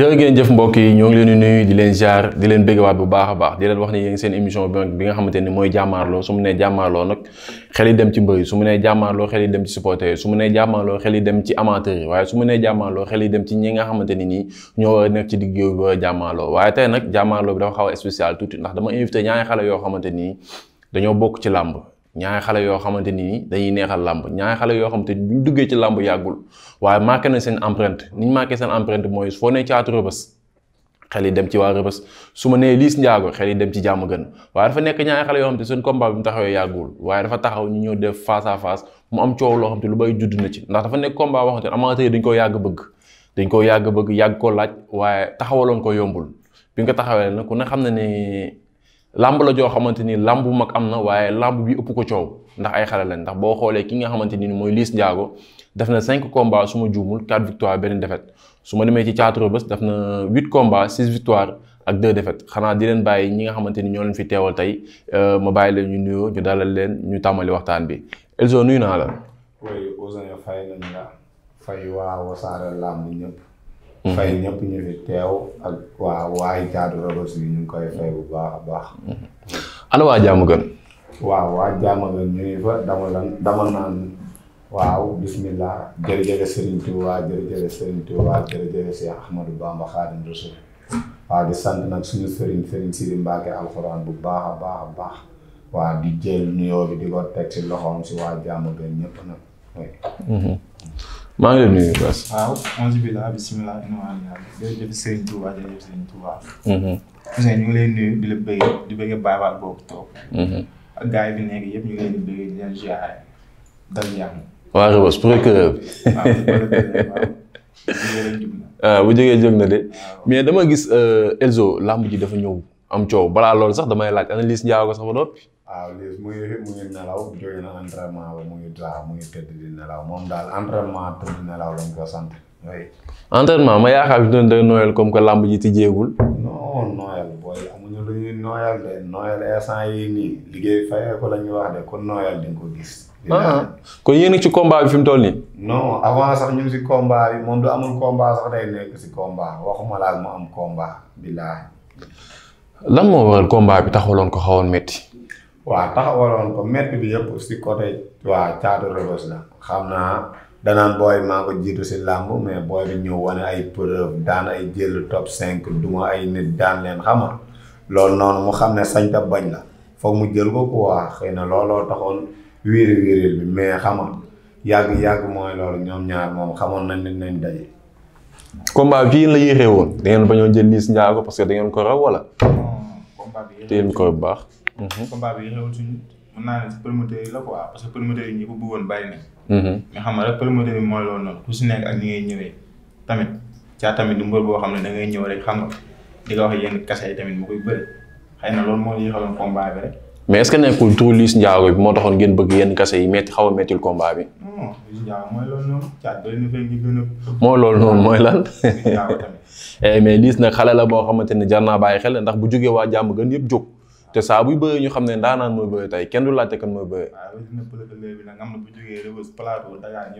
jërë ngeen jëf mbokk yi ñoo ngi leen di nuyu di leen ziar di leen béggewaat bu baax a baax di leen wax ni yéen seen émission bi bi nga xamante ni mooy jàmmaarloo su mu nee jàmmaarloo nag xel yi dem ci mbër yi su mu nee jàmmaarloo xel dem ci su mu nee jàmmaarloo xel yi dem ci amateur yi waaye su mu nee jàmmaarloo xel yi dem ci ñi nga xamante ni nii ñoo war a nekk ci digg yooyu ba jàmmaarloo waaye tey nag jàmmaarloo bi dafa xaw a spécial tuuti ndax dama invité ñaari xale yoo xamante nii dañoo bokk ci làmb ñaari xale yoo xamante ni dañuy neexal làmb ñaari xale yoo xamante ni buñ duggee ci làmb yàggul waaye marqué na seen empreinte niñ marqué seen empreinte mooy foo ne caatu rëbës xel yi dem ci waa rëbës su ma nee liis njaago xel yi dem ci jàmm gën waaye dafa nekk ñaari xale yoo xamante seen combat bi mu taxawee yàggul waaye dafa taxaw ñu ñëw def face à face mu am coow loo xamante lu bay judd na ci ndax dafa nekk combat boo xamante ne amateur dañ koo yàgg bëgg dañ koo yàgg bëgg yàgg koo laaj waaye taxawaloon ko yombul bi nga taxawee nag ku xam na ne làmb la joo xamante ni làmb bu mag am na waaye làmb bi ëpp ko coow ndax ay xale lañ ndax boo xoolee ki nga xamante ni mooy Liss Ndiago def na cinq combats su ma juumul quatre victoires benn défaite su ma demee ci Thiatou bés def na huit combats six victoires ak deux défaites xanaa di leen bàyyi ñi nga xamante ni ñoo leen fi teewal tey euh, ma bàyyi leen ñu nuyoo ñu dalal leen ñu tàmmali waxtaan bi Elzo nuyu naa la. oui Ousin fay fay waa Mm-hmm. fay ñëpp ñu fi teew ak waa waay jaadu robos yi ñu ngi koy fay bu baax a baax. Mm-hmm. ana waa jaamu gën. waaw waa jaamu gën ñu ngi fa dama lan dama naan waaw bismillah jërëjëf Serigne Touba jërëjëf Serigne Touba jërëjëf Cheikh Ahmadou Bamba Khadim Rasoul waaw di sant nag suñu Serigne Serigne Sidi Mbacke alxuraan bu baax a baax a baax waa di jël nuyoo bi di ko teg ci loxoom si waa jaamu gën ñëpp nag. Mm-hmm. maa ngi leen nuyu Bass. waaw onze bi la bisimilah jërëjëf Serigne Touba jërëjëf Serigne Touba. Mhm. Ousseyn mhm. ak gars bi nekk yëpp ñu ngi leen di bëgg di leen ziare dal jàmm. waaw Rebeuss procureur bi. Ah, bu jógee jóg de. mais dama gis euh, Elzo làmb ji dafa ñëw am coow balaa loolu sax damay laaj analyse Ndiago sax ba noppi. waaw liis mu ngi mu ngi nelaw jóge mu ngi tëdd di nelaw moom daal entraînement tëdd nelaw lañ ko sant. entraînement ma yaakaar ne day noyal comme que làmb ji tijjeegul. non noyal booy amuñu lu ñuy noyal de noyal instant yii nii liggéey fayee ko la ñuy wax de kon noyal di ko ah. gis. kon yéen ci combat bi fi mu toll nii. non avant sax ñu ngi si combat bi moom du amul combat sax day nekk si combat waxuma la mu am combat billaahi. lan moo waral combat bi taxuloon ko xawoon métti. waaw taxawaloon ko métti bi yëpp si côté waa caatu Rebeuss la xam naa danaan booy maa ko jiitu si làmb mais booy bi ñëw wane ay preuve daan ay jël top cinq duma ay nit daan leen xama loolu noonu mu xam ne sañta bañ la foog mu jël ko quoi xëy na looloo taxoon wiiri wiiri bi mais xama yàgg-yàgg mooy loolu ñoom ñaar moom xamoon nañ ne nañ daje. combat bi yéen la yéexee woon da ngeen bañoo jël Liss Ndiago parce que da ngeen ko raw wala. combat bi ko bu baax. Mm-hmm. combat bi xewul suñu mën naa ne si promoteur yi la quoi parce que promoteur yi ñi ko bëggoon bàyyi nañ. Mm-hmm. mais xam nga rek promoteur bi mooy si nekk ak ni ngay ñëwee tamit caa tamit du mbër boo xam ne da ngay ñëw rek xam nga di nga wax yi na loolu moo yéexaloon combat mais est ce que nekkul turu Liss moo taxoon ngeen bëgg yenn kase yi metti xaw a mettil combat bi. non Liss mooy loolu noonu caa doy na fekk mooy loolu eh, mais Liss nag xale la boo xamante ne jar naa bàyyi xel ndax bu jógee waa jàmm gën yëpp jóg te saa buy bëre ñu xam ne ndaanaan mooy bëre tey kenn du laajte kan mooy bëre. bi nag na bu jógee Rebeuss Plateau Dakar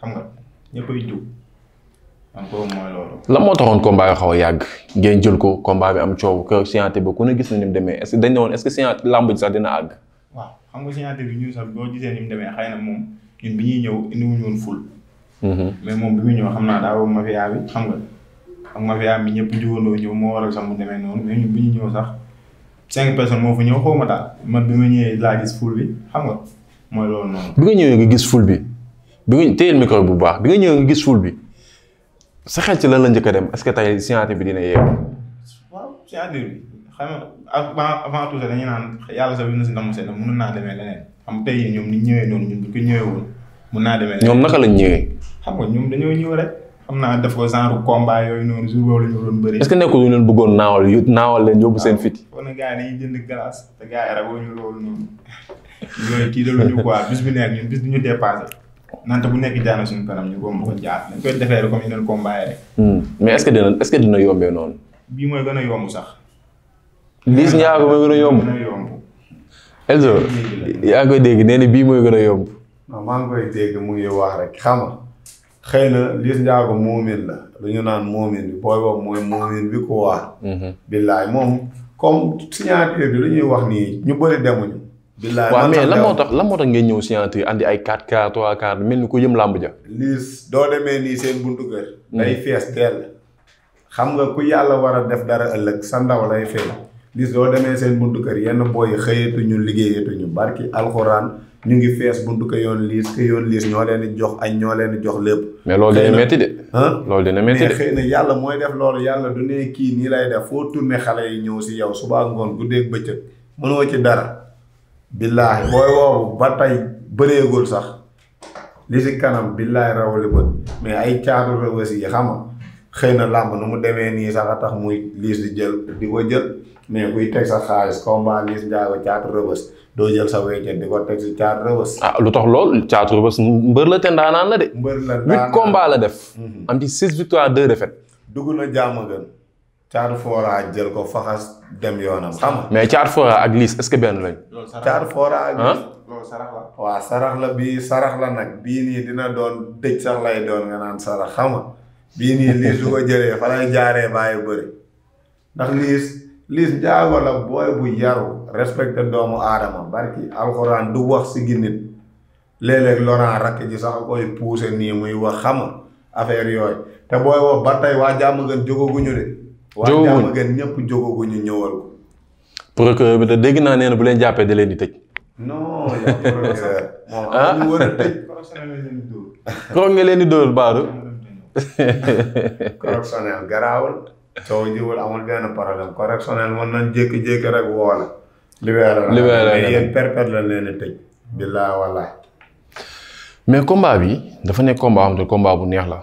xam nga ñëppay jug. encore moo taxoon combat nga xaw a yàgg ngeen jël ko combat bi am coow kër scientifique ba ku ne gis na mu demee est que dañ ne woon est-ce que sax dina àgg. xam nga scientifique bi ñun sax boo gisee ni demee xëy na moom ñun bi ñuy ñëw indiwuñu woon ful. Mm-hmm. mais moom bi muy ñëw xam naa daaw mafia bi xam nga ak mafia bi ñëpp jugandoo ñëw moo waral sax mu demee noonu mais bi ñu ñëw sax cinq personnes moo fa ñëw xaw ma daal man bi ma ñëwee laa gis ful bi xam nga mooy loolu noonu. bi nga ñëwee nga gis ful bi bi nga micro bu baax bi nga ñëwee nga gis ful bi sa xel ci lan la njëkk a dem est-ce que tey scientifique bi dina yeewu. waaw scientifique bi xam nga avant avant tout ça dañuy naan yàlla sax bi na si ndamu seen mënul naa demee leneen xam tey ñoom ni ñëwee noonu ñun bu ko ñëwee woon mun naa demee. ñoom naka lañ ñëwee. xam nga ñoom dañoo ñëw rek. xam naa def ko genre combat yooyu noonu jour boobu la ñu doon bëri. est-ce que nekkul ñu leen bëggoon naawal yu naawal leen yooyu bu nekk ñun bis du ñu dépassé nante bu nekk jaana suñu ko ko jaar dañ koy defee rek comme yeneen combat yi rek. Hmm. mais est-ce que dina est-ce que dina yombee noonu. bii mooy gën a yomb sax. Liss Ndiago mooy gën a yomb. Elzo yaa koy dégg nee bii mooy gën a yomb. non koy dégg mu ngi wax rek xam xëy na Liss Ndiago moomin la lu ñu naan moomin bi booy boobu mooy moomin bi ko waa mm-hmm. billaay moom comme signature bi lu ñuy wax nii ñu bëri demuñu billaay waaw mais lan moo tax lan moo tax ngeen ñëw signature andi ay 4 4 3 4 mel ni ku yëm làmb ja Liss doo demee nii seen buntu kër mm. day fees dell xam nga ku yàlla war a def dara ëllëg sa ndaw lay feeñ Liss doo demee seen buntu kër yenn booy xëyeetuñu liggéeyatuñu barki alxuraan ñu ngi fees buntu ko yoon liis ko yoon liis ñoo leen di jox añ ñoo leen di jox lépp. mais loolu dina métti de. loolu dina métti de mais xëy na yàlla mooy def loolu yàlla du ne kii nii lay def foo tourné xale yi ñëw si yow suba ngoon guddeeg bëccëg mënoo ci dara. billaahi booy woowu ba tey bëreegul sax li si kanam billaahi rawali bët mais ay caatu rëbës yi xam nga xëy na làmb nu mu demee nii sax a tax muy liis di jël di ko jël. mais kuy teg sa xaalis combat Liss Ndiago Thiatou Rebeuss doo jël sa wéccet di ko teg si Thiatou Rebeuss. ah lu tax lool Thiatou Rebeuss mbër la te ndaanaan la de. mbër la la def. Mhm. am ci six victoires deux défaites. dugg na jàmm gën. Thiatou Fora jël ko faxas dem yoonam xam mais Thiatou Fora ak Liss est que benn lañ. Thiatou Fora ak Liss. loolu sarax la. waaw sarax la bii sarax la nag bii nii dina doon dëj sax lay doon nga naan sarax xam bii nii Liss su ko Liss Ndiago la booy bu yaru respecté doomu aadama barki alxuraan du wax si ginnit léeg-léeg Laurent rakk ji sax koy poussé nii muy wax xama affaire yooyu te booy wax ba tey waa jàmm gën jógaguñu de waa jàmm gën ñëpp jógaguñu ñëwal ko procureur bi dégg naa nee bu leen jàppee di leen di tëj non yaa procureur moom ñu war a tëj koroog nga leen di dóor baadu correctionnel garaawul soo jiwul amul benn problème correctionnel mën nañ jékki-jékki rek woo la. libéré la mais yéen perpète la leen tëj. billaa wallaahi. mais combat bi dafa nekk combat am te combat bu neex la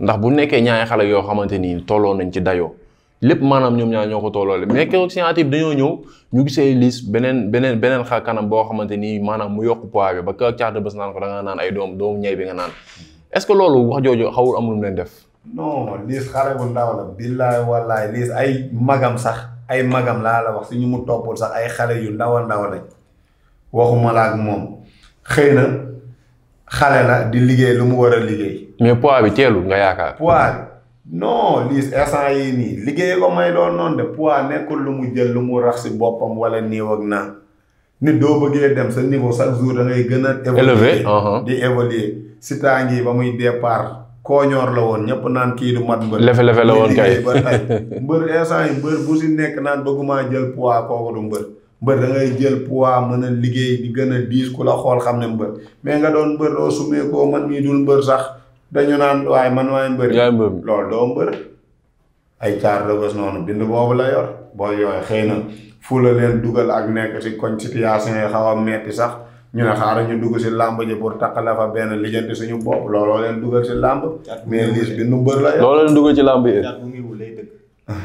ndax bu nekkee ñaari xale yoo xamante ni tolloo nañ ci dayoo lépp maanaam ñoom ñaar ñoo ko tolloole mais keroog scientifique bi dañoo ñëw ñu gisee liis beneen beneen beneen xar kanam boo xamante ni maanaam mu yokk poids bi ba keroog caatu bés naan ko da nga naan ay doom doomu ñay bi nga naan est ce que loolu wax jooju xawul amul lu leen def. non liis xale bu ndaw la billaay wallaay liis ay magam sax ay magam laa la wax suñu mu toppul sax ay xale yu ndaw a ndaw lañ waxuma la ak moom xëy na xale la di liggéey lu mu war a liggéey. mais poids bi teelu nga yaakaar. poids bi non liis instant yii nii liggéey ko may doon noonu de poids nekkul lu mu jël lu mu rax si boppam walla néew ak naa nit doo bëggee dem sa niveau chaque jour da ngay gën a. élevé uh-huh. di évoluer si temps yii ba muy départ. kooñoor la woon ñëpp naan kii du mat mbër. lefe lefe la woon kay ba tey mbër instant yi mbër bu si nekk naan bëgguma jël poids kooku du mbër mbër da jël poids mën a liggéey di gën a diis ku la xool xam ne mbër mais nga doon mbër doo sumee man mii dul mbër sax dañu naan waaye man waay mbër. yaay mbër loolu doo mbër. ay caar rëbës noonu bind boobu la yor boo yooyu xëy na fu la leen dugal ak nekk si koñ situation yi xaw a metti sax. ñu ne xaaral ñu dugg si làmb ji pour takk la fa benn lijjanti suñu bopp looloo leen dugal si làmb. mais liis bi nu mbër la. looloo leen dugal ci làmb yi. cat mu ngi wul lay dëgg.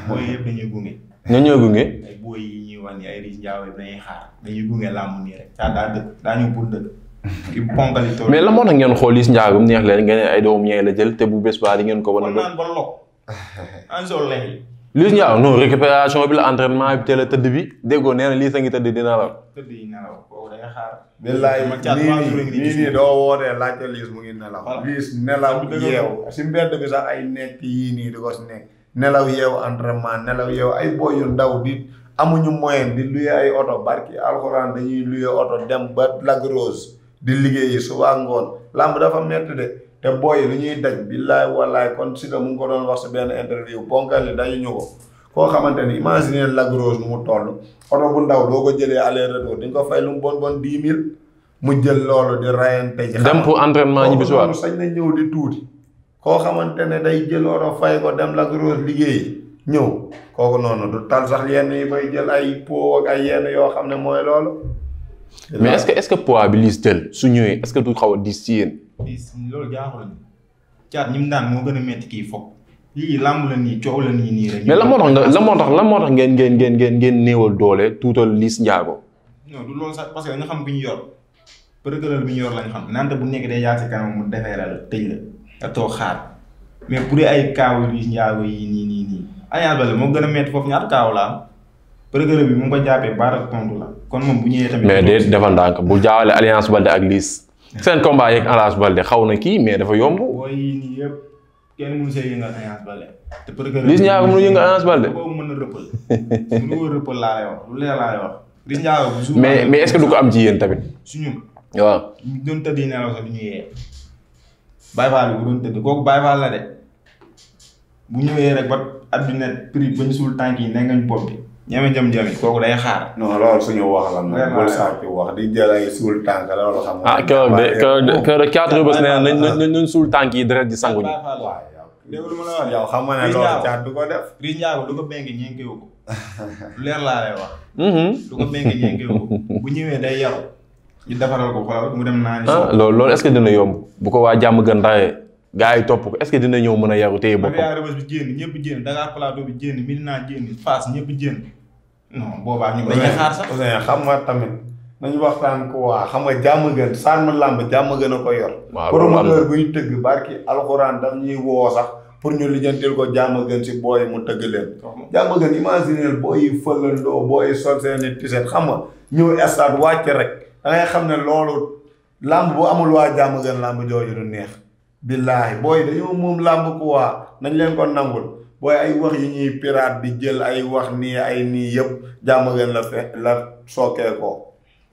booy yëpp dañuy gunge. ñoo dañuy gunge làmb nii rek. daa dëkk daa ñu bur dëkk. ki la moo tax ngeen xool liis njaagum neex leen ngeen ay doom ñee la jël te bu bés baa di ngeen ko wan. kon naan ba lokk. Liss Ndiago non récupération bi la entraînement bi teel a tëdd bi déggoo nee na lii sa ngi tëdd di nelaw. tëdd yi nelaw kooku day xaar. billaay nii nii mu ngi nelaw. Liss nelaw yeew si mbedd bi sax ay nekk yii nii di ko si nekk. nelaw yeew entraînement nelaw yeew ay boy ndaw di amuñu moyen di luye ay oto barki alxuraan dañuy luye oto dem ba Lac Rose di liggéeyi suba ngoon lamb dafa métti de. te booy lu ñuy daj billaay wallaay kon si mu ko doon wax si benn interview ponkal li dañu ñëw ko koo xamante ni imaginer Lac Rose nu mu toll oto bu ndaw doo ko jëlee aller retour di nga ko fay lu mu bon bon dix mu jël loolu di rayante ji dem pour entraînement ñi bisuwaat sañ na ñëw di tuuti koo xamante ne day jël oto fay ko dem Lac Rose liggéey ñëw kooku noonu du tal sax yenn yi bay jël ay po ak ay yenn yoo xam ne mooy loolu mais est-ce que est-ce que bi liis tël su ñëwee est que du xaw a diis ci yéen. diis loolu jaaxul caat ñi mu daan moo gën a métti kii foog lii làmb la nii coow la nii nii rek. mais lan moo tax moo tax lan moo tax ngeen ngeen ngeen ngeen ngeen néewal doole tuutal liis njaago. non du loolu sax parce que nga xam bi ñu yor përëgëlal bi ñu yor lañ xam nante bu nekk day yaa si kanam mu defee la tëj la nga toog xaar mais bu dee ay kaaw liis njaago yi nii nii nii ay albal moo gën a métti foofu ñaata kaaw la rëgg-rëgg bi mu ko jàppee baara tontu la kon moom bu ñëwee tamit. mais déet dafa ndànk bu jaawale alliance Balde ak liis seen combat yeeg alliance Balde xaw na kii mais dafa yomb. booy yii nii yëpp kenn mënu see yëngal alliance Balde. te rëgg liis ñaar mënu yëngal alliance Balde. kooku mën na rëppal mënu ko rëppal laa lay wax lu leer laa lay wax. mais mais est ko am ci tamit. suñu. waaw ñu doon tëdd nelaw sax du ñu yee. Baye Fall la de bu ñëwee rek ba at bi ba ñu suul tànk yi ne ngañ bopp bi ñeme jëm jëm yi kooku day xaar. non loolu suñu wax la. vraiment saako wax di jël ay suul tànk loolu xam nga. ah keroog de keroog de quatre la wax yow xam nga ne loolu caat du ko def. Riz Ndiago mm-hmm. bu ñëwee day yaru ñu defaral ko xoolal mu ah, loolu loolu est dina yomb bu ko waa jàmm gën raayee. gaa yi topp ko est dina ñëw mën a yaru téye boppam. Mafia ñëpp génn Dakar Plateau bi génn Medina génn Fass ñëpp ñu dañuy xaar sax xam tamit nañu waxtaan ko waa xam nga jàmm gën saan làmb jàmm gën ko yor. waaw promoteur bu ñu tëgg barki alxuraan ñuy woo sax pour ñu lijjantil ko jàmm gën si mu tëgg leen. jàmm xam nga ñëw stade wàcc rek xam ne loolu làmb bu amul waa jàmm gën làmb jooju du neex billaahi booy dañoo moom làmb ku waa nañ leen ko nangul booy ay wax yi ñuy piraat di jël ay wax nii ay nii yëpp jàmm gën la fe la sookee ko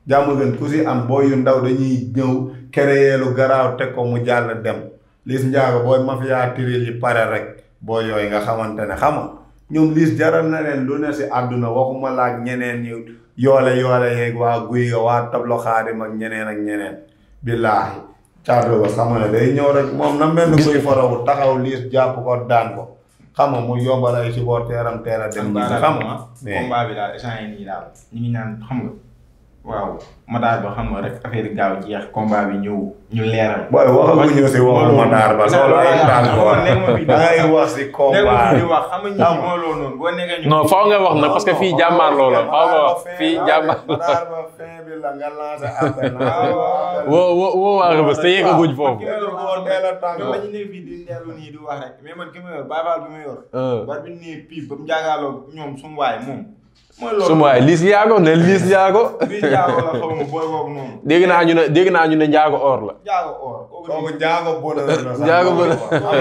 jàmm gën ku si am booy yu ndaw dañuy ñëw créer lu garaaw teg ko mu jàll dem Liss Ndiago booy mafia tiril yi pare rek booy yooyu nga xamante ne xama ñoom Liss jaral na leen lu ne si àdduna waxuma laak ñeneen ñu yoole yoole yeeg waa guy ga waa tablo xaadim ak ñeneen ak ñeneen billaahi caatu ba xam ne day ñëw rek moom na mel ni kuy farawu taxaw liis jàpp ko daan ko xam mu yombal si supporteram teel a dem. xam nga mais combat bi daal échange yi nii daal ñu ngi naan xam nga. waaw Matar ba xam nga rek affaire yi gaaw jeex combat bi ñëw ñu leeral. booy waxaguñ ñu si waxu si wax xam nga noonu faaw nga wax nag parce que fii jàmmaar loola faaw nga wax fii jàmmaar loola. woo woo woo waa Rebeuss te yeggaguñ foofu. ma yor baabaal bi ma yor. war euh. mooy loolu liis njaago ne liis njaago. liis njaago naa ñu ne dégg naa ñu ne njaago or la. njaago or njaago bon njaago bon la. laa la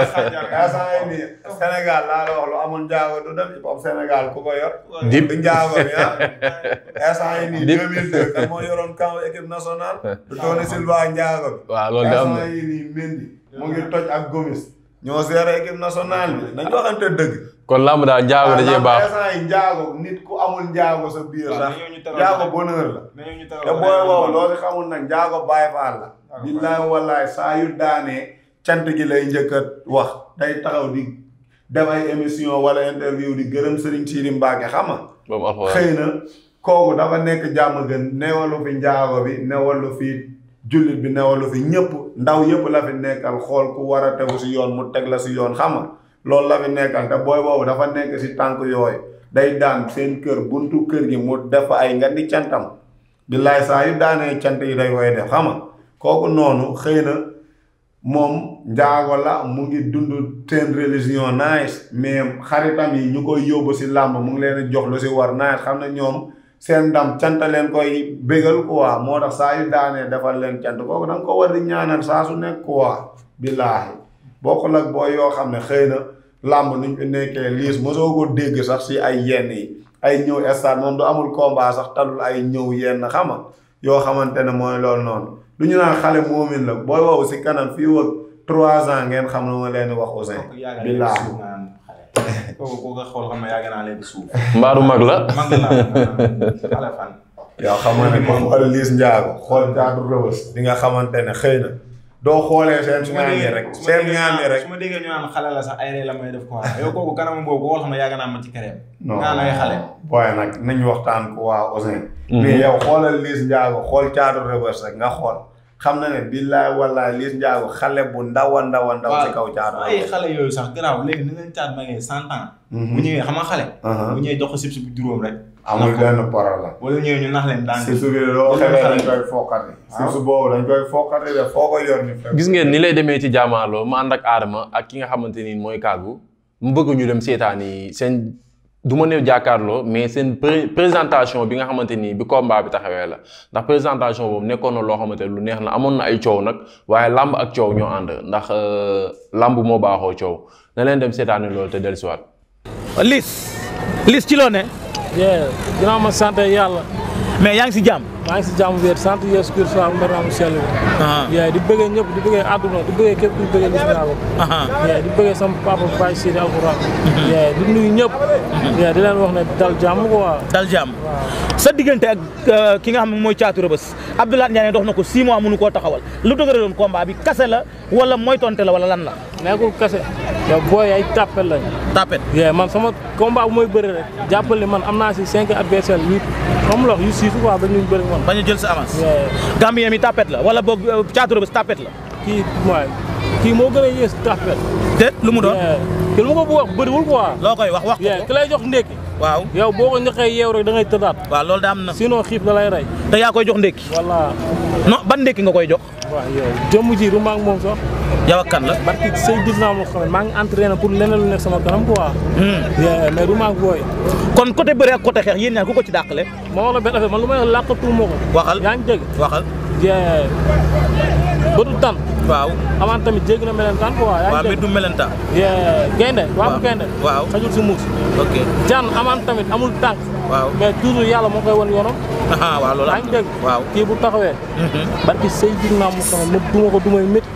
wax lu njaago du dem hip hop Sénégal ko yor. dip njaago bi ah. instant yii nii 2002 kan moo Silva njaago bi. waaw loolu de mu ngi toj ak Gomis. ñoo seere équipe nationale bi nañu waxante dëgg. kon làmb daal njaago da cee ah, baax njaago nit ku amul njaago sa biir sax njaago bonheur la te booy wow loolu xamul nag njaago bàyyi la ah, billaay wallaay saa yu daanee cant gi lay njëkk a wax day taxaw di def ay émission wala interview di gërëm Serigne Sidi Mbacke xam nga xëy na kooku dafa nekk jàmm gën newalu fi njaago bi newalu fi jullit bi newalu fi ñëpp ndaw yëpp la fi nekkal xool ku war a tegu si yoon mu teg la si yoon xam loolu la fi nekkal te booy boobu dafa nekk ci tànk yooyu day daan seen kër buntu kër gi mu def ay nga di cantam billaay saa yu daanee cant yi day koy def xam nga kooku noonu xëy na moom njaago la mu ngi dund seen religion nice mais xaritam yi ñu koy yóbbu si làmb mu ngi leen jox lu si war nice xam na ñoom seen ndam cant leen koy bégal quoi moo tax saa yu daanee defal leen cant kooku da nga ko war di ñaanal saa su nekk quoi billaahi bokkul ak booy yoo xam ne xëy na làmb nuñ fi nekkee liis mosoo ko dégg sax si ay yenn yi ay ñëw stade moom du amul combat sax talul ay ñëw yenn xama yoo xamante ne mooy loolu noonu lu ñu naan xale moomin la booy wow si kanam fii wëg trois ans ngeen xam ne ma leen wax Ousseyn billaah kooku nga xool xam ne naa leen mag la mag moom wala liis njaago xool jaatu rëbës di nga xamante ne xëy na doo xoolee seen ñaanee rek seen ñaanee rek su ma déggee ñu naan xale la sax ay ree la may def quoi yow xam ne yàgg ci këram naan ay xale booy nag nañ waxtaan ko waa Ousseyn mhm. xool caatu reverse rek nga xool xam na ne billaay wallaay Liss Ndiago xale bu ndaw ndaw ndaw ci kaw caatu ay xale yooyu sax garaaw léegi ni leen caat magee cent ans mhm. bu ñëwee xam xale uh-huh. bu ñëwee jox ko sib juróom rek amul benn problème. wala ñëw ñu nax leen daan. surtout bi loo xamee dañ koy fokkati. surtout boobu dañ koy fokkati de foo ko yor ni gis ngeen ni lay demee ci jaamaarloo ma ànd ak Adama ak ki nga xamante ni mooy kàggu mu bëgg ñu dem seetaani seen du ma ne jàkkaarloo mais seen présentation bi nga xamante ni bi combat bi taxawee la ndax présentation boobu nekkoon na loo xamante ne lu neex na amoon na ay coow nag waaye làmb ak coow ñoo ànd ndax euh, làmb moo baaxoo coow na leen dem seetaani loolu te dellusiwaat. Liss Liss ci loo ne. bien ginnaaw ma sant yàlla. mais yaa ngi si jàmm. maa ngi si jàmm wér sant Yeesu Kirist ak mbaram sell bi. Uh-huh. di bëggee ñëpp di bëggee àdduna di bëggee képp ku bëggee lislaam. Uh-huh. di bëggee sama papa Baye Sidi Alxuraan. Mm-hmm. di nuyu ñëpp. Mm-hmm. di leen wax ne dal jàmm quoi. dal jàmm sa diggante ak uh, ki nga xam ne mooy caatu rëbës Abdoulaye Ndiané dox na ko six mois mënu koo taxawal lu dëgëre doon combat bi kase wala mooy la wala lan la. nekkul kese yow booy ay tàppet lañ. tàppet yee man sama combat bu may bëri rek jàppal ni man am naa si cinq adversaires huit comme lox yu siisu quoi ba ñu bëri man. ba jël sa avance. Gambien mi tàppet la wala boog euh, caatu Rebeuss tàppet la. kii mooy kii moo gën a yées tàppet. te lu mu doon. te lu ko bëgg a wax loo koy wax wax ko ki lay jox ndékki. waaw yow boo ko njëkkee yeew rek da ngay tëddaat. waaw loolu da am na. sinon xiif da lay rey. te yaa koy jox ndékki. voilà non ban ndékki nga koy jox. waaw yow jëmm maa moom sax. yow ak kan la. barki sëy gis naa moo xam ne maa ngi entraîné pour leneen lu nekk sama kanam quoi. Hmm. mais du maa ngi booy. kon côté bëre ak côté xeex yéen ñaar ku ko ci dàqale. ma wax la benn affaire man lu may wax làqatu ko. waxal yaa ngi dégg waxal. bien bëtu tan waaw amaan tamit jéggi na melentaan quoi. waaw bi du melentaan. gaynde waaw gaynde waaw xajul si muus. ok amaan tamit amul tànk. waaw mais toujours yàlla moo koy won yoonam. waaw loolu am dégg waaw kii bu taxawee. Mhm. barki Seydina Muhammad ma duma ko dumay métti.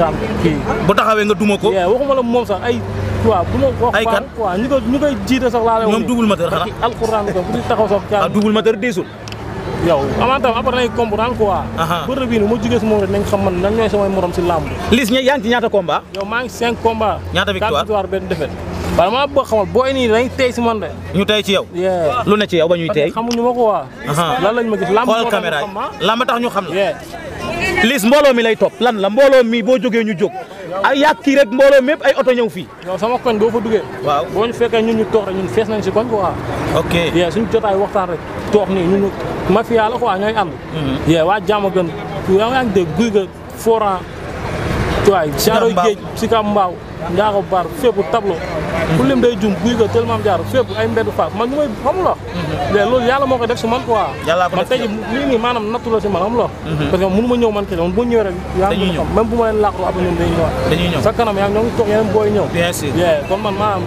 daan mhm. bu taxawee nga duma ko. waxuma la moom sax ay. waaw bu ma wax ay kan quoi ñu koy ñu koy jiite sax laa lay wax. ñoom double moteur xanaa. alxuraan ko bu ñu taxaw sax. Ah, diisul. yow avant tam après dañuy comprendre quoi. bëre bii nii mu jugee si moom rek nañ xam man nan ñooy samay morom si làmb. Liss ña yaa ngi ci ñaata combat. yow maa ngi cinq combat. ñaata victoire quatre victoire benn défaite. waaw maa bëgg xamal booy nii dañ tey si man de. ñu tey ci yow. lu ne ci yow ba ñuy tey. xamuñu ma ko waa. lan lañ ma gis làmb xool caméra yi làmb tax ñu xam la. Liss mbooloo mi lay top lan la mbooloo mi boo jógee ñu jóg. ay yàq kii rek mbooloo mépp ay oto ñëw fii. non sama koñ boo fa duggee. waaw boo ñu fekkee ñun ñu toog rek ñun fees nañ si koñ quoi. ok yee suñu jotaay waxtaan rek toog nii ñun mafia la quoi ñooy ànd. Mm-hmm. yee waa jàmm gën yaa ngi dégg guy ga foran waay Caaroy Géej Sicap Mbao Njaago Bar fépp tableau mhm. ku lim day jum guy ko tël jaar fépp ay mbedd faas man mooy xam la mhm. mais loolu yàlla moo koy def si man quoi man tey lii nii maanaam la si man xam la mhm. parce que mënu ma ñëw man kese man bu ñëwee yaa ngi xam même bu ma leen làqu après ñoom dañuy ñëwaat booy ñëw bien kon man maanaam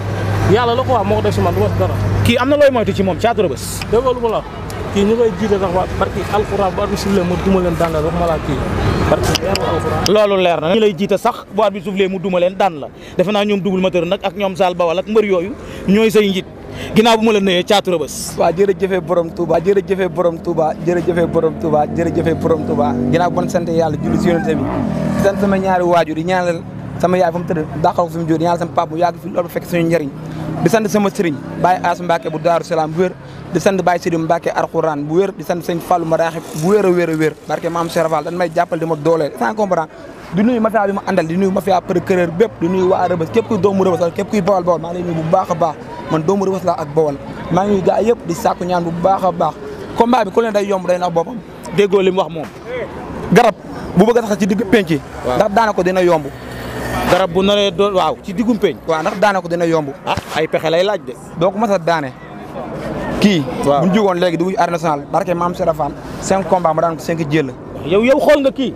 yàlla la a moo ko def si dara kii am na looy moytu ci moom Thiatou Rebeuss déggoolu ma kii ñu koy jiite sax waa barki alxuraan bu arbitre soufflé mu duma leen daan la wax ma laa kii barki leeru alxuraan loolu leer na ñu lay jiite sax bu arbitre soufflé mu duma leen daan la defe naa ñoom double moteur nag ak ñoom Sall Bawal ak mbër yooyu ñooy say njit ginnaaw bu ma la nuyee caatu rëbës waaw jërëjëfee borom Touba jërëjëfee borom Touba jërëjëfee borom Touba jërëjëfee borom Touba ginnaaw bon sant yàlla julli si yonente bi sant sama ñaari waajur yi ñaanal sama yaay fa mu tëdd dàqal ko fi mu jóor ñaanal sama papa mu yàgg fi loolu fekk suñu njëriñ di sant sama sëriñ Baye Ass Mbacke bu Daaru Salaam wér di sant Baye Sidi Mbacke Alxuraan bu wér di sant sëñ Fallou Maraxib bu wér a wér a wér barke maam Serval dañ may jàppal di ma dooleel sans comprendre di nuyu mafia bi ma àndal di nuyu mafia procureur bépp di nuyu waa Rëbës képp kuy doomu Rëbës ak képp bawal bawal maa ngi bu baax a man doomu Rëbës laa ak bawal maa ngi nuyu yëpp di sàkku ñaan bu baax a baax combat bi ku leen day yomb day nax boppam déggoo li mu wax moom garab bu bëgg a sax ci digg penc ndax daana ko dina yomb garab bu naree doon waaw ci diggum penc waa ndax daana ko dina yomb ah ay pexe lay laaj de donc masa daane kii. waaw bu ñu jugoon léegi dugg arène barke maam Serafan cinq combat ma daan ko cinq jël yow yow xool nga kii.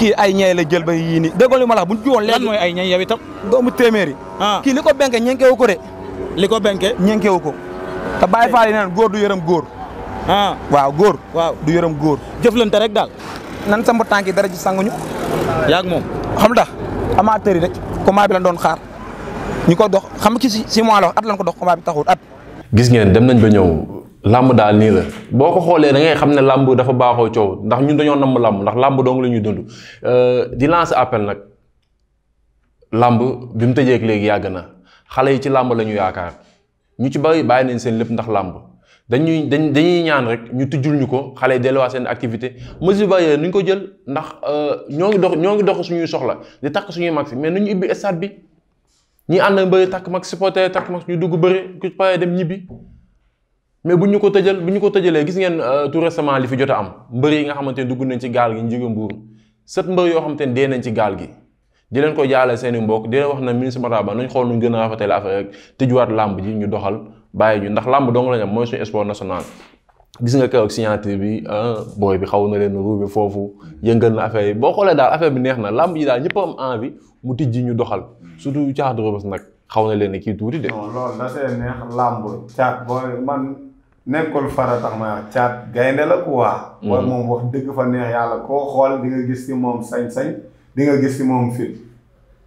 kii ay ñay la jël ba yii nii déggoo ma la wax bu ñu jugoon léegi lan mooy ay ñay yow itam. doomu téeméeri. Ah. kii li ko benke ñenkewu ko de. li ko benke ñenkewu ko. te bàyyi faal yi naan góor du yërëm góor. Ah. waaw góor. waaw du yërëm góor. jëflante rek daal. nan sama tànk yi dara ji sanguñu. yaa ngi moom xam ndax amateur yi rek combat bi lañ doon xaar ñu ko dox xam nga si six mois la wax at lañ ko dox combat gis ngeen dem nañ ba ñëw làmb daal nii la boo ko xoolee da ngay xam ne làmb dafa baaxoo coow ndax ñun dañoo namm làmb ndax làmb dong la ñuy dund euh, di lancer appel nag làmb bi mu tëjeek léegi yàgg na xale yi ci làmb la ñu yaakaar ñu ci bari bàyyi nañ seen lépp ndax làmb dañuy dañ dañuy ñaan rek ñu tujjul ñu ko xale yi delluwaat seen activité mesure barrière ni ñu ko jël ndax euh, ñoo ngi dox ñoo ngi dox suñuy soxla di takk suñuy mag si mais ñu ubbi stade bi ñi ànd ak mbëri takk mag supporter takk mag ñu dugg bëri ku paree dem ñibbi mais bu ñu ko tëjal bu ñu ko tëjalee gis ngeen euh, tout récemment li fi jot am mbër yi nga xamante ne dugg nañ ci gaal gi ñu jóge Mbuur sët mbër yoo xamante ne dee nañ ci gaal gi di leen ko jaale seeni mbokk di leen wax na ministre Matar Ba nañ xool nuñ gën a rafetale affaire rek tëjuwaat làmb ji ñu doxal bàyyi ñu ndax làmb dong la ñam mooy suñu sport national gis nga bi booy bi xaw na leen ruube foofu yëngal na affaire yi xoolee daal affaire bi neex na làmb ji daal ñëpp am envie mu tijji ñu doxal hmm. surtout Thiatou Rebeuss nag xaw na leen ne kii tuuti de. non loolu da see neex làmb caat booy man nekkul fara tax ma caat gaynde la quoi. Hmm. booy moom wax dëgg fa neex yàlla koo xool di gis ci moom sañ-sañ di nga gis ci moom fit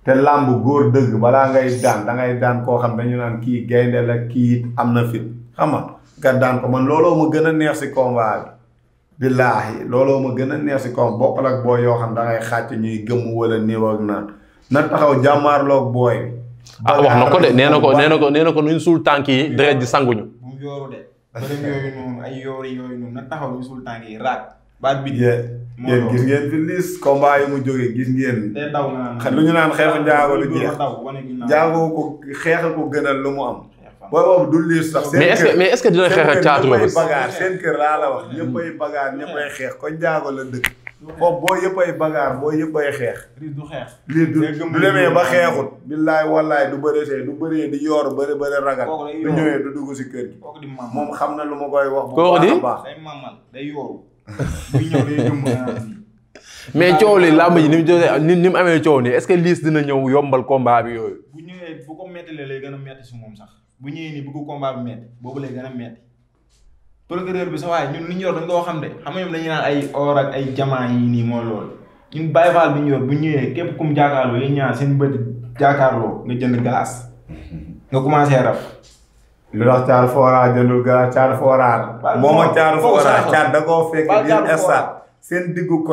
te làmb góor dëgg balaa ngay daan dangay ngay daan koo xam dañu naan kii gaynde la kii am na fit xam nga nga daan ko man looloo ma gën a neex ci combat billaahi looloo ma gën a neex si koom bokkal ak boo yoo xam da ngay xàcc ñuy gëm wala na taxaw jàmmaarloog booy. ah wax na ko de nee na ko nee na ko nee na ko nuñ suul tànk yi deret ji sanguñu. bu mu yooru de bëri yooyu noonu ay yoori na taxaw ñu suul tànk yi raak. baat bi yéen gis ngeen fi liis combat yi mu jógee gis ngeen. te daw lu ñu naan xeexu njaago lu jeex njaago ko xeex ko gënal lu mu am. du liir sax. mais est-ce que mais est-ce que dina xeex ak caatu rëbës seen kër ñëppay bagaar seen kër laa la wax ñëppay bagaar ñëppay xeex ko njaago la dëkk. foofu boo yëpp ay bagaar boo yëpp ay xeex. lii du xeex. lii du du demee ba xeexut. billaay wallaay du bëreetee du bëree di yor bëri bëri ragal. du ñëwee du dugg si kër gi. moom xam na lu ma koy wax. kooku di bu baax a baax day mamal day yoru. bu ñëw day jëmm mais coow li làmb ji ni mu jotee ni mu amee coow nii est-ce que Liss dina ñëw yombal combat bi yooyu. bu ñëwee bu ko méttalee lay gën a métti si moom sax bu ñëwee nii bu ko combat bi métti boobu lay gën a métti procureur bi sa waaye ñun li ñu yor dañ koo xam ne xam nga ñoom ay or ak ay jamaa yi nii mooy loolu ñun Baye Fall bi ñu yor bu ñëwee képp kum jàkkaarloo yi ñaar seen bët jàkkaarloo nga jënd koo fekk biir instant seen diggu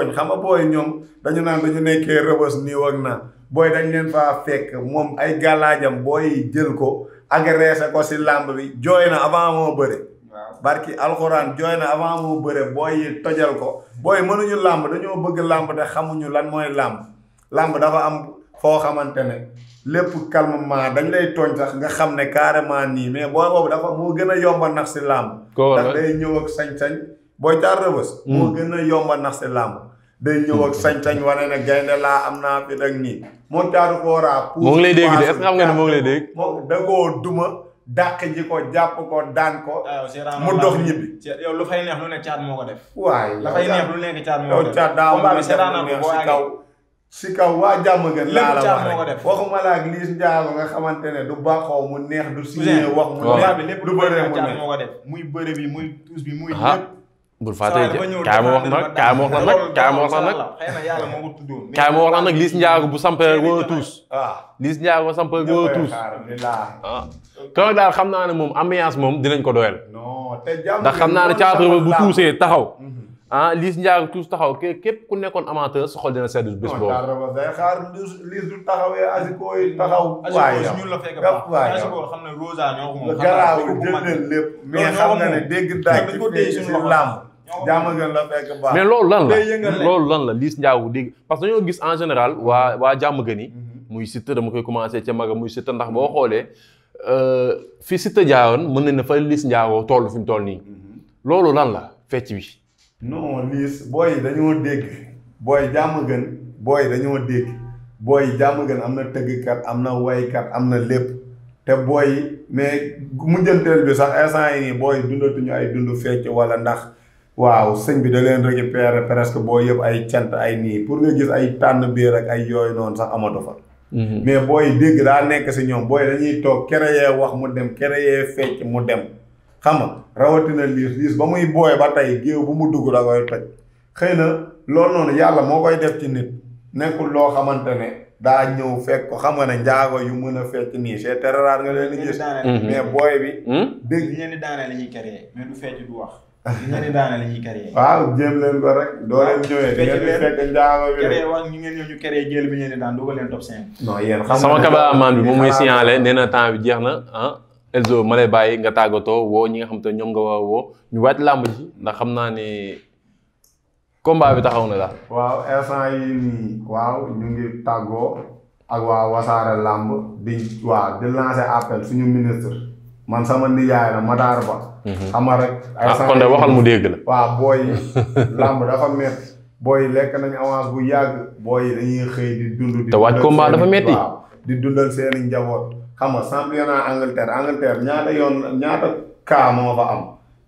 dañu naan dañu nekkee rëbës nii wag na booy dañ leen faa fekk moom ay gàllaajam booy jël ko agressé ko si làmb bi jooy na avant moo bëre barki alxuraan jooy na avant moo bëre booy yi tojal ko booy mënuñu làmb dañoo bëgg làmb te xamuñu lan mooy làmb làmb dafa am foo xamante ne lépp calmement dañ lay tooñ sax nga xam ne carrément nii mais booy boobu dafa moo gën a yomba nax si làmb ndax day ñëw ak sañ-sañ booy hmm. yomba nax si làmb day ñëw ak sañ-sañ wane ne gaynde laa am naa fi ak nii moom caaru kooraa moo ngi lay dégg de est-ce xam nga ne moo ngi lay dégg moom duma dàq ji ko jàpp ko daan ko. Ah, mu dox ñibbi. yow lu fay neex lu nekk caat moo ko def. waay la fay neex lu nekk caat moo ko def. si kaw. si kaw waa jàmm ngeen. lépp caat moo ko def waxuma la ak nga xamante ne du baaxoo mu neex du. signé wax mu neex du bëree mu neex. muy bëre bi muy tuus bi muy ah. lépp. bul fàtte kaay ma wax wax la nag kaay ma wax la nag kaay ma wax la nag Liss bu sampee woo tuus. Liss Ndiago bu sampee a tuus. ah daal xam naa ne moom ambiance moom dinañ ko doyal. ndax xam naa ne caatu bu tuusee taxaw. Mhm. ah Liss Ndiago tuus taxaw képp ku nekkoon amateur soxal dina sedd bés jaamagal la fekk baax mais loolu lan la loolu lan la Liss Ndiago dégg parce que dañoo gis en général waa mm-hmm. waa jàmmgën yi mm-hmm. muy Siteu dama koy commencé ca maga muy Siteu ndax boo xoolee euh, fi Siteu jaaroon mën nañ ne fa liis Ndiago tool fi mu toll nii mm-hmm. loolu lan la fecc bi no Liss booy dañoo dégg booy jàmm jàmmgën booy dañoo dégg booy jàmmgën am na tëggkat am na kat am na lépp te booy mais mujjanteel bi sax instant yi nii booy dundatuñu ay dund fecc wala ndax waaw sëñ bi da leen récupéré presque boo yëpp ay cant ay nii pour nga gis ay tànn biir ak ay yooyu noonu sax amatu fa. Mm-hmm. mais booy dégg daa nekk si ñoom booy dañuy toog créer wax mu dem créer fecc mu dem. xam nga rawatina liis liis ba muy booy ba tey géew bu mu dugg da koy toj xëy na lool noonu yàlla moo koy def ci nit nekkul loo xamante ne daa ñëw fekk ko xam nga ne njaago yu mën a fecc nii c'est très rare nga leen gis mais booy bi dégg ñeen di wax ñeneen daane la ñuy créé. waaw jéem leen ko rek. doo leen ñëwee di ngeen bi créé wax ñu ngeen ñëw bi ñeneen leen top 5. xam sama caméraman bi moom mooy signalé nee na temps bi jeex na ah. Elzo ma lay bàyyi nga tàggatoo woo ñi nga xam te ñoom nga waa woo ñu waaj làmb ji ndax xam naa ne combat bi taxaw na daal. waaw instant yi nii waaw ñu ngi tàggoo ak waa wasaare làmb di waa di lancer appel suñu ministre. man sama nijaay la Matar Ba. Mhm. xam nga rek. ay ah kon de mu dégg la. waaw booy yi làmb dafa métti. booy lekk nañu avance bu yàgg. booy yi dund. te waaj combat dafa métti waaw di dundal seen i njaboot. xam nga championnat Angleterre Angleterre ñaata yoon ñaata kaa moo fa am.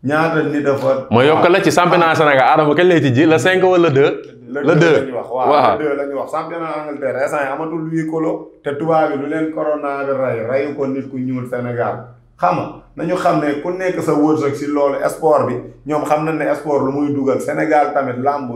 ñaata nit dafa. ma yokk ci championnat ah. Sénégal Adama kañ lay tijji le cinq wala le ñu wax waaw le wax championnat Angleterre instant yi amatul kolo. te tubaab yi lu leen corona bi rey ko nit ku ñuul Sénégal. xam nga nañu xam ne ku nekk sa wërsëg si loolu sport bi ñoom xam na ne sport lu muy dugal Sénégal tamit làmb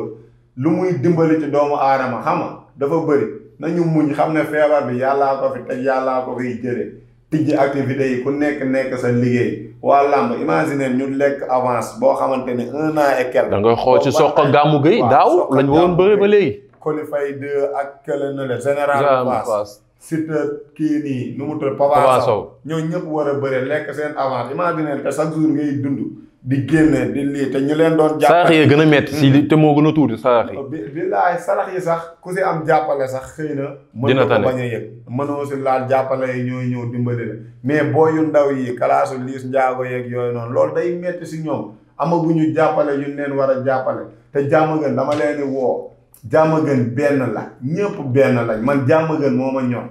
lu muy dimbali ci doomu aadama xam dafa bëri nañu muñ xam ne feebar bi yàllaa ko fi teg yàllaa ko fiy jëlee tijji activités yi ku nekk nekk sa liggéey waa làmb imagine ñu lekk avance boo xamante ni un an et quelque. da ngay xool ci soq gàmmu gay daaw lañ woon bëri ba léegi. qualifié deux ak kële na le général Pass Siteu kii nii nu mu tudd Papa Sow ñoo ñëpp war a bëre lekk seen avant imagine que chaque jour ngay dund di génne di lii te ñu leen doon jàppale sarax yi gën a métti si te moo gën a tuuti sarax yi bilaay sarax yi sax ku si am jàppale sax xëy na mën na ko bañ a yëg mënoo si laal jàppale yi ñooy ñëw dimbali la mais boo yu ndaw yi kalaasu liis njaago yeeg yooyu noonu lool day métti si ñoom amaguñu jàppale yu leen war a jàppale te jàmm ngeen dama leen woo jàmm Diamaguène benn la ñëpp benn lañ man Diamaguène moo ma ñor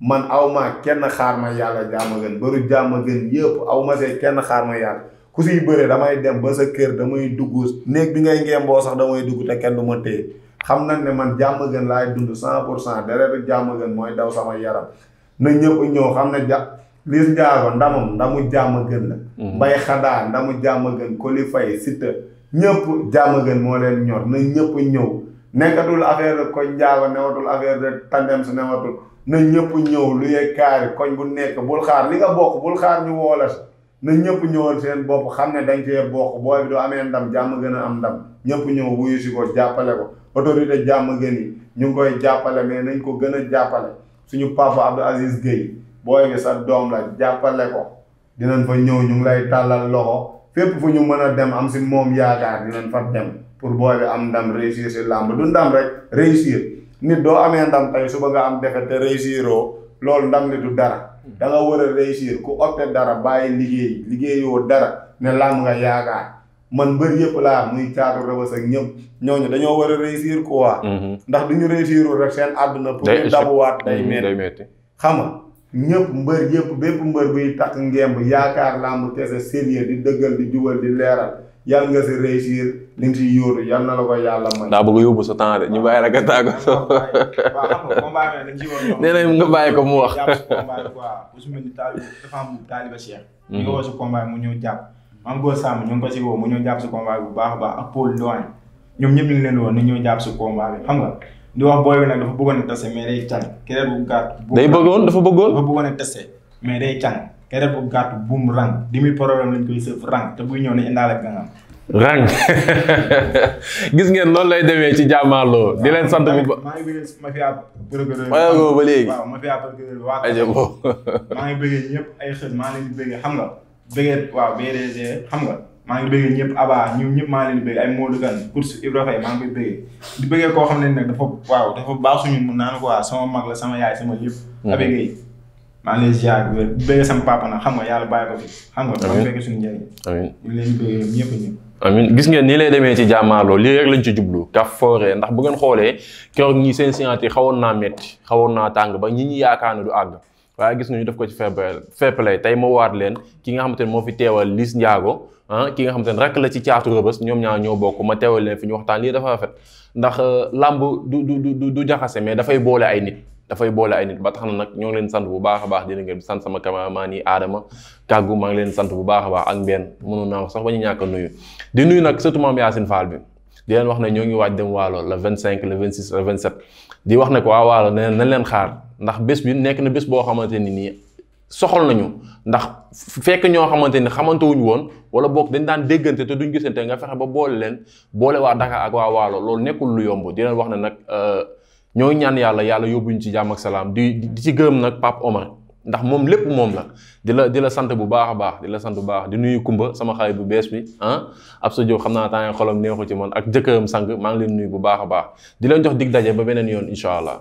man aw ma kenn xaar ma yàlla Diamaguène bëru Diamaguène yëpp aw ma see kenn xaar ma yàlla ku siy bëre damay dem ba sa kër damay dugg néeg bi ngay ngemboo sax damay dugg te kenn du ma téye xam nañ ne man jàmm Diamaguène laay dund cent pour cent deretu Diamaguène mooy daw sama yaram na ñëpp ñëw xam ne ja Liss Ndiago ndamam ndamu jàmm Diamaguène la. Mm-hmm. Mbaye Xadaa ndamu Diamaguène Coly Faye Siteu ñëpp gën moo leen ñor na ñëpp ñëw. nekkatul affaire de koñ njaaba newatul affaire de tandem su newatul na ñëpp ñëw lu yee koñ bu nekk bul xaar li nga bokk bul xaar ñu woola na ñëpp ñëwoon seen bopp xam ne dañ cee bokk booy bi amee ndam jàmm gën am ndam ñëpp ñëw wuyu si ko jàppale ko autorité jàmm gën yi ñu ngi koy jàppale mais nañ ko gën a jàppale suñu papa Abdou Aziz Guèye booy bi sa doom la jàppale ko dinañ fa ñëw ñu lay tàllal loxo fépp fu ñu mën a dem am si moom yaakaar dinañ fa dem pour booy bi am ndam réussir si làmb du ndam rek réussir nit doo amee ndam tey suba nga am defet te réussiroo loolu ndam li du dara da nga war a réussir ku opte dara bàyyi liggéey liggéeyoo dara ne làmb nga yaakaar man mbër yëpp laa muy caatu rëbës ak ñëpp ñooñu dañoo war a réussir quoi. Mhm. ndax du ñu réussirul rek seen àdduna. pour ñu dabuwaat mhm, day metti xam nga ñëpp mbër yëpp bépp mbër buy takk ngemb yaakaar làmb kese sérieux di dëggal di jubal di leeral. yàlla nga si réussir li nga si yóoru yàlla na la ko yàlla may. daa bëgg yóbbu sa temps de ñu bàyyi la nga tàggatoo. nee nañ nga bàyyi ko mu wax. ñu ngi mm-hmm. woo si combat mu ñëw jàpp. Mame Gor Samb ñu ngi ko si woo mu ñëw jàpp si combat bu baax a baax ak Paul Loane ñoom ñëpp ñu ngi leen di woo ñu ñëw jàpp si combat bi xam nga. di wax booy bi nag dafa bëggoon a tase mais day tànn. keroog bu gàtt. day bëggoon dafa bëggoon dafa bëggoon mais day càng kere bu gàtt buum rang problème lañ koy sëf buy ñëw ne indaale gàngam ngeen noonu lay demee ci jàmmaarloo di leen sant maa ngi bëggee ma fi ab ay xët maa ngi leen di bëggee xam nga bëggee xam nga maa ngi bëggee ñëpp aba ñu ñëpp maa ngi leen di bëggee ay Modou Kane course Ibra Faye maa ngi bëggee di bëggee koo xam ne nag dafa waaw dafa baax suñu mun naan quoi sama mag la sama yaay sama yëpp hmm. abéggéey maa ngi lay bu wér sama papa nag xam nga yàlla bàyyi ko fi. xam nga dafa fekk suñu njëriñ. amiin gis ngeen nii lay demee ci jàmmaarloo lii rek lañ ci jublu ka foore ndax bu ngeen xoolee keroog ñi seen signature xawoon naa métti xawoon naa tàng ba ñi ñi yaakaar ne du àgg waaye gis ñu def ko ci fair play tey ma waat leen ki nga xamante ne moo fi teewal Liss Ndiago ah ki nga xamante ne rek la ci caatu rëbës ñoom ñaar ñoo bokk ma teewal leen fi ñu waxtaan lii dafa rafet ndax euh, làmb du du du du jaxase mais dafay boole ay nit dafay boole ay nit ba tax na nag ñoo ngi leen sant bu baax a baax dina ngeen sant sama cameraman yi Adama kàggu maa ngi leen sant bu baax a baax ak mbenn mënu naa ñu ñàkk di nuyu nag surtout maam Yacine Fall bi di wax ne ñoo ngi waaj dem waalo le 25 le 26 le 27 di wax ne ko waa waalo ne nañ leen xaar ndax bés bi nekk na bés boo xamante ni nii soxal nañu ndax fekk ñoo xamante ni xamantewuñu woon wala boog dañ daan déggante te duñ gisante nga fexe ba boole leen boole waa Dakar ak waa waalo loolu nekkul lu yomb di leen wax ne nag euh, ñoo ñaan yàlla yàlla yóbbuñu ci jàmm ak salaam di di ci gërëm nag Pape Omar ndax moom lépp moom la di la di la sant bu baax a baax di la sant bu baax di nuyu Kumba sama xarit bu bees bi ah ab sa jóg xam naa temps xolam neexu ci man ak jëkkëram sang maa ngi leen nuyu bu baax a baax di leen jox dig daje ba beneen yoon incha allah.